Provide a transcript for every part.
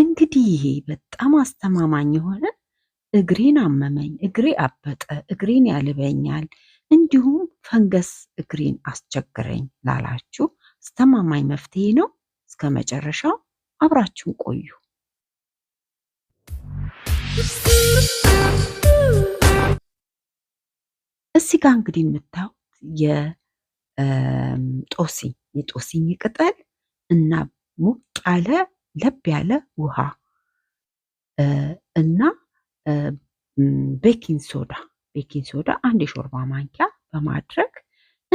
እንግዲህ ይሄ በጣም አስተማማኝ የሆነ እግሬን አመመኝ፣ እግሬ አበጠ፣ እግሬን ያልበኛል፣ እንዲሁም ፈንገስ እግሬን አስቸግረኝ ላላችሁ አስተማማኝ መፍትሄ ነው። እስከ መጨረሻው አብራችሁን ቆዩ። እዚህ ጋር እንግዲህ የምታዩት የጦሲኝ የጦሲኝ ቅጠል እና ሞቅ ያለ ለብ ያለ ውሃ እና ቤኪንግ ሶዳ ቤኪንግ ሶዳ አንድ የሾርባ ማንኪያ በማድረግ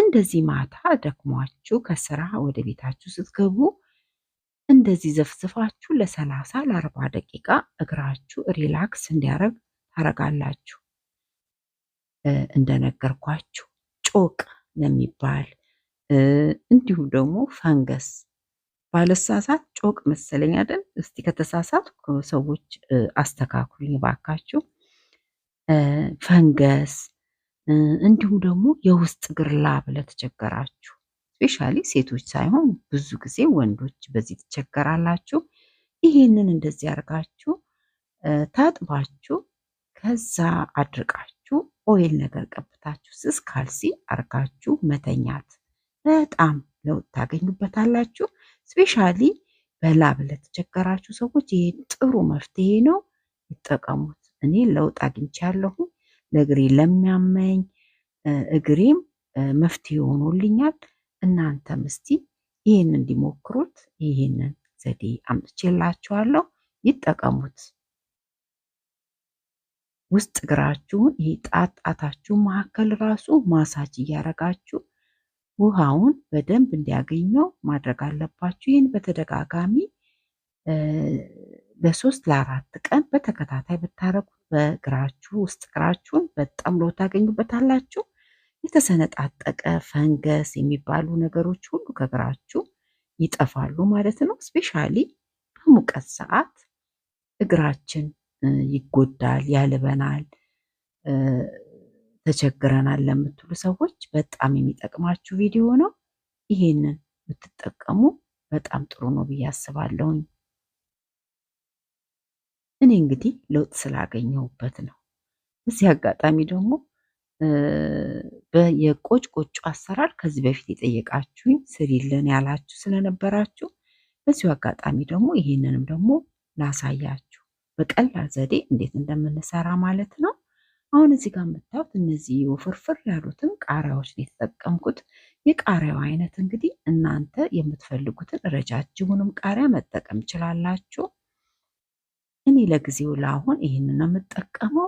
እንደዚህ ማታ ደክሟችሁ ከስራ ወደ ቤታችሁ ስትገቡ እንደዚህ ዘፍዝፋችሁ ለሰላሳ ለአርባ ደቂቃ እግራችሁ ሪላክስ እንዲያደርግ ታረጋላችሁ። እንደነገርኳችሁ ጮቅ ለሚባል እንዲሁም ደግሞ ፈንገስ ባለሳሳት ጮቅ መሰለኝ አይደል? እስቲ ከተሳሳት ሰዎች አስተካክሉኝ ባካችሁ። ፈንገስ እንዲሁም ደግሞ የውስጥ እግር ላብ ለተቸገራችሁ ስፔሻሊ ሴቶች ሳይሆን ብዙ ጊዜ ወንዶች በዚህ ትቸገራላችሁ። ይህንን እንደዚህ አድርጋችሁ ታጥባችሁ ከዛ አድርቃችሁ ኦይል ነገር ቀብታችሁ ስስ ካልሲ አርጋችሁ መተኛት በጣም ለውጥ ታገኙበታላችሁ። ስፔሻሊ በላብ ለተቸገራችሁ ሰዎች ይሄ ጥሩ መፍትሄ ነው፣ ይጠቀሙት። እኔ ለውጥ አግኝቻለሁ። ለእግሬ ለሚያመኝ እግሬም መፍትሄ ሆኖልኛል። እናንተም እስቲ ይህን እንዲሞክሩት ይህንን ዘዴ አምጥቼላችኋለሁ፣ ይጠቀሙት። ውስጥ እግራችሁን ይህ ጣት ጣታችሁ መካከል ራሱ ማሳጅ እያረጋችሁ ውሃውን በደንብ እንዲያገኘው ማድረግ አለባችሁ። ይህን በተደጋጋሚ ለሶስት ለአራት ቀን በተከታታይ ብታረጉት በእግራችሁ ውስጥ እግራችሁን በጣም ሎ ታገኙበታላችሁ። የተሰነጣጠቀ ፈንገስ የሚባሉ ነገሮች ሁሉ ከእግራችሁ ይጠፋሉ ማለት ነው። ስፔሻሊ በሙቀት ሰዓት እግራችን ይጎዳል፣ ያልበናል። ተቸግረናል ለምትሉ ሰዎች በጣም የሚጠቅማችሁ ቪዲዮ ነው። ይህንን ብትጠቀሙ በጣም ጥሩ ነው ብዬ አስባለሁኝ። እኔ እንግዲህ ለውጥ ስላገኘሁበት ነው። በዚህ አጋጣሚ ደግሞ የቆጭ ቆጮ አሰራር ከዚህ በፊት የጠየቃችሁኝ ስሪልን ያላችሁ ስለነበራችሁ በዚሁ አጋጣሚ ደግሞ ይሄንንም ደግሞ ላሳያችሁ በቀላል ዘዴ እንዴት እንደምንሰራ ማለት ነው። አሁን እዚህ ጋር የምታዩት እነዚህ ወፍርፍር ያሉትን ቃሪያዎች ነው የተጠቀምኩት። የቃሪያው አይነት እንግዲህ እናንተ የምትፈልጉትን ረጃጅሙንም ቃሪያ መጠቀም ችላላችሁ። እኔ ለጊዜው ለአሁን ይህንን ነው የምጠቀመው።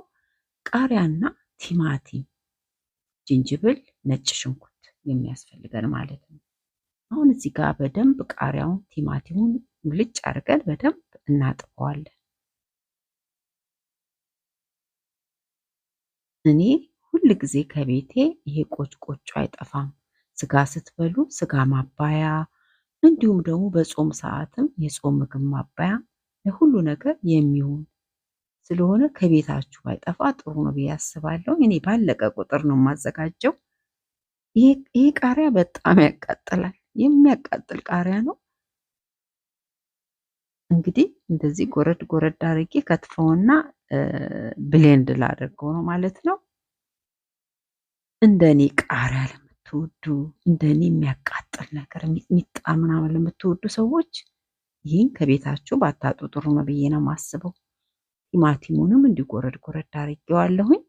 ቃሪያና ቲማቲም፣ ጅንጅብል፣ ነጭ ሽንኩርት የሚያስፈልገን ማለት ነው። አሁን እዚህ ጋር በደንብ ቃሪያውን ቲማቲሙን ልጭ አድርገን በደንብ እናጥበዋለን። እኔ ሁል ጊዜ ከቤቴ ይሄ ቆጮ አይጠፋም። ስጋ ስትበሉ ስጋ ማባያ፣ እንዲሁም ደግሞ በጾም ሰዓትም የጾም ምግብ ማባያ፣ ለሁሉ ነገር የሚሆን ስለሆነ ከቤታችሁ ባይጠፋ ጥሩ ነው ብዬ አስባለሁ። እኔ ባለቀ ቁጥር ነው የማዘጋጀው። ይሄ ቃሪያ በጣም ያቃጥላል። የሚያቃጥል ቃሪያ ነው። እንግዲህ እንደዚህ ጎረድ ጎረድ አድርጌ ከትፈውና ብሌንድ ላደርገው ነው ማለት ነው። እንደኔ ቃሪያ ለምትወዱ እንደኔ የሚያቃጥል ነገር ሚጣ ምናምን ለምትወዱ ሰዎች ይህን ከቤታችሁ ባታጡ ጥሩ ነው ብዬ ነው ቲማቲሙንም እንዲጎረድ ጎረድ አድርጌዋለሁኝ።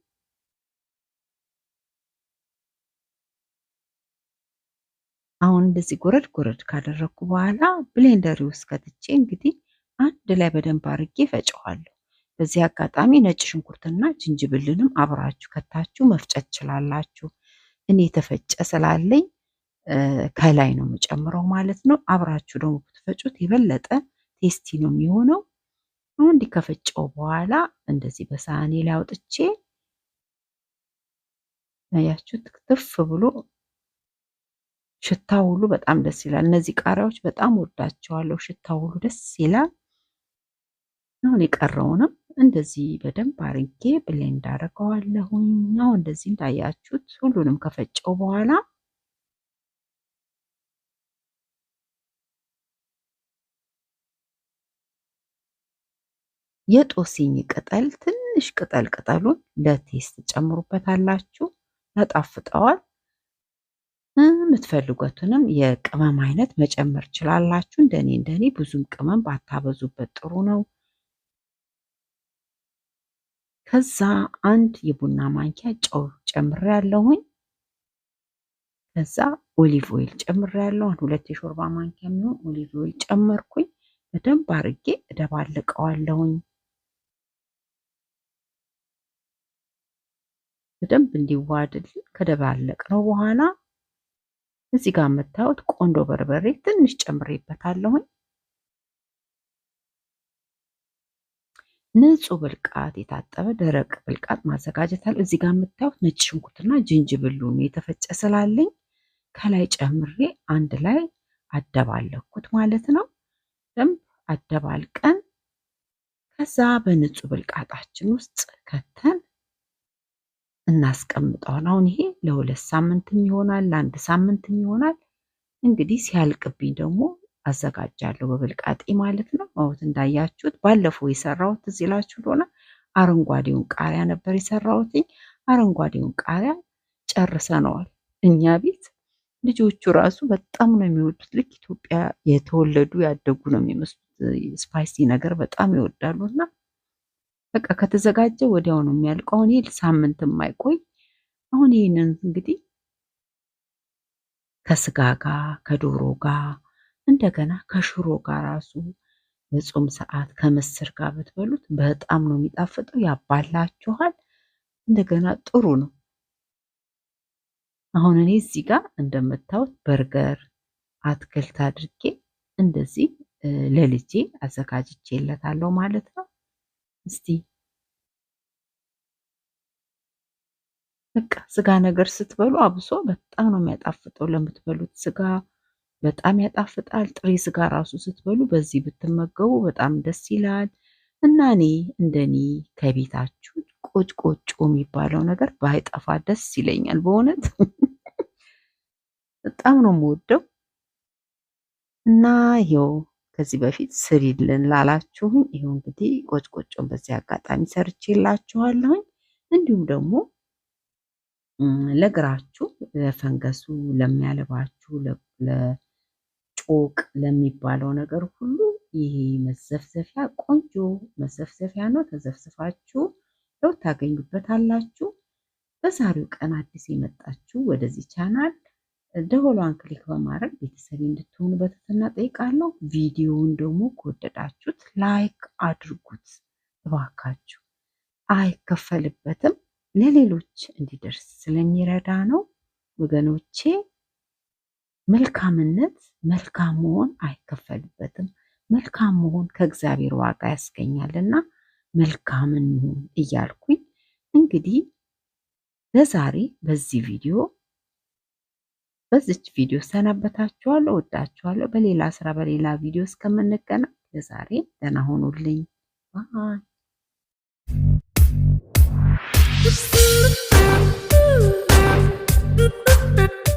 አሁን እንደዚህ ጎረድ ጎረድ ካደረግኩ በኋላ ብሌንደሪ ውስጥ ከትቼ እንግዲህ አንድ ላይ በደንብ አድርጌ ፈጨዋለሁ። በዚህ አጋጣሚ ነጭ ሽንኩርትና ጅንጅብልንም አብራችሁ ከታችሁ መፍጨት ችላላችሁ። እኔ የተፈጨ ስላለኝ ከላይ ነው የምጨምረው ማለት ነው። አብራችሁ ደግሞ ብትፈጩት የበለጠ ቴስቲ ነው የሚሆነው። አሁን ከፈጨው በኋላ እንደዚህ በሳህኔ ላይ አውጥቼ ያችሁ ትፍ ብሎ ሽታው ሁሉ በጣም ደስ ይላል። እነዚህ ቃሪያዎች በጣም ወዳቸዋለሁ። ሽታው ሁሉ ደስ ይላል። አሁን የቀረውንም እንደዚህ በደንብ አርጌ ብሌንድ አደርገዋለሁኝ። አሁን እንደዚህ እንዳያችሁት ሁሉንም ከፈጨው በኋላ የጦስኝ ቅጠል ትንሽ ቅጠል ቅጠሉን ለቴስት ጨምሩበታላችሁ፣ ያጣፍጠዋል። የምትፈልጉትንም የቅመም አይነት መጨመር ችላላችሁ። እንደኔ እንደኔ ብዙም ቅመም ባታበዙበት ጥሩ ነው። ከዛ አንድ የቡና ማንኪያ ጨው ጨምሬ ያለሁኝ። ከዛ ኦሊቭ ኦይል ጨምሬ ያለሁ ሁለት የሾርባ ማንኪያ የሚሆን ኦሊቭ ኦይል ጨመርኩኝ። በደንብ አርጌ እደባልቀዋለሁኝ። በደንብ እንዲዋድል ከደባለቅ ነው በኋላ እዚህ ጋር የምታዩት ቆንዶ በርበሬ ትንሽ ጨምሬበታለሁኝ። ንጹህ ብልቃጥ የታጠበ ደረቅ ብልቃጥ ማዘጋጀት አለ። እዚህ ጋር የምታዩት ነጭ ሽንኩርትና ጅንጅብሉን የተፈጨ ስላለኝ ከላይ ጨምሬ አንድ ላይ አደባለኩት ማለት ነው። ደንብ አደባልቀን ከዛ በንጹህ ብልቃጣችን ውስጥ ከተን እናስቀምጠውን አሁን ይሄ ለሁለት ሳምንትም ይሆናል ለአንድ ሳምንትም ይሆናል። እንግዲህ ሲያልቅብኝ ደግሞ አዘጋጃለሁ በብልቃጤ ማለት ነው። ማወት እንዳያችሁት ባለፈው የሰራሁት እዚህ ላችሁ እንደሆነ አረንጓዴውን ቃሪያ ነበር የሰራሁትኝ። አረንጓዴውን ቃሪያ ጨርሰነዋል። እኛ ቤት ልጆቹ ራሱ በጣም ነው የሚወዱት። ልክ ኢትዮጵያ የተወለዱ ያደጉ ነው የሚመስሉት። ስፓይሲ ነገር በጣም ይወዳሉ እና በቃ ከተዘጋጀ ወዲያው ነው የሚያልቀው። አሁን ይህ ሳምንት የማይቆይ አሁን ይህንን እንግዲህ ከስጋ ጋር ከዶሮ ጋር እንደገና ከሽሮ ጋር ራሱ በጾም ሰዓት ከምስር ጋር ብትበሉት በጣም ነው የሚጣፍጠው። ያባላችኋል። እንደገና ጥሩ ነው። አሁን እኔ እዚህ ጋር እንደምታዩት በርገር አትክልት አድርጌ እንደዚህ ለልጄ አዘጋጅቼለታለሁ ማለት ነው። እስቲ በቃ ስጋ ነገር ስትበሉ አብሶ በጣም ነው የሚያጣፍጠው። ለምትበሉት ስጋ በጣም ያጣፍጣል። ጥሬ ስጋ ራሱ ስትበሉ በዚህ ብትመገቡ በጣም ደስ ይላል እና እኔ እንደኔ ከቤታችሁ ቆጭ ቆጮ የሚባለው ነገር ባይጠፋ ደስ ይለኛል። በእውነት በጣም ነው የምወደው እና ይኸው ከዚህ በፊት ስሪልን ላላችሁኝ ይኸው እንግዲህ ቆጭ ቆጮን በዚህ አጋጣሚ ሰርቼ እንዲሁም ደግሞ ለእግራችሁ ለፈንገሱ፣ ለሚያለባችሁ ጮቅ ለሚባለው ነገር ሁሉ ይሄ መዘፍዘፊያ ቆንጆ መዘፍዘፊያ ነው። ተዘፍዝፋችሁ ለው ታገኙበታላችሁ። በዛሬው ቀን አዲስ የመጣችሁ ወደዚህ ቻናል ደወሏን ክሊክ በማድረግ ቤተሰብ እንድትሆኑ በትህትና ጠይቃለሁ። ቪዲዮውን ደግሞ ከወደዳችሁት ላይክ አድርጉት እባካችሁ። አይከፈልበትም፣ ለሌሎች እንዲደርስ ስለሚረዳ ነው ወገኖቼ። መልካምነት መልካም መሆን አይከፈልበትም። መልካም መሆን ከእግዚአብሔር ዋጋ ያስገኛልና መልካም እንሁን እያልኩኝ እንግዲህ ለዛሬ በዚህ ቪዲዮ በዚች ቪዲዮ ሰናበታችኋለሁ። እወዳችኋለሁ። በሌላ ስራ በሌላ ቪዲዮ እስከምንገናኝ ለዛሬ ደህና ሆኑልኝ። ባይ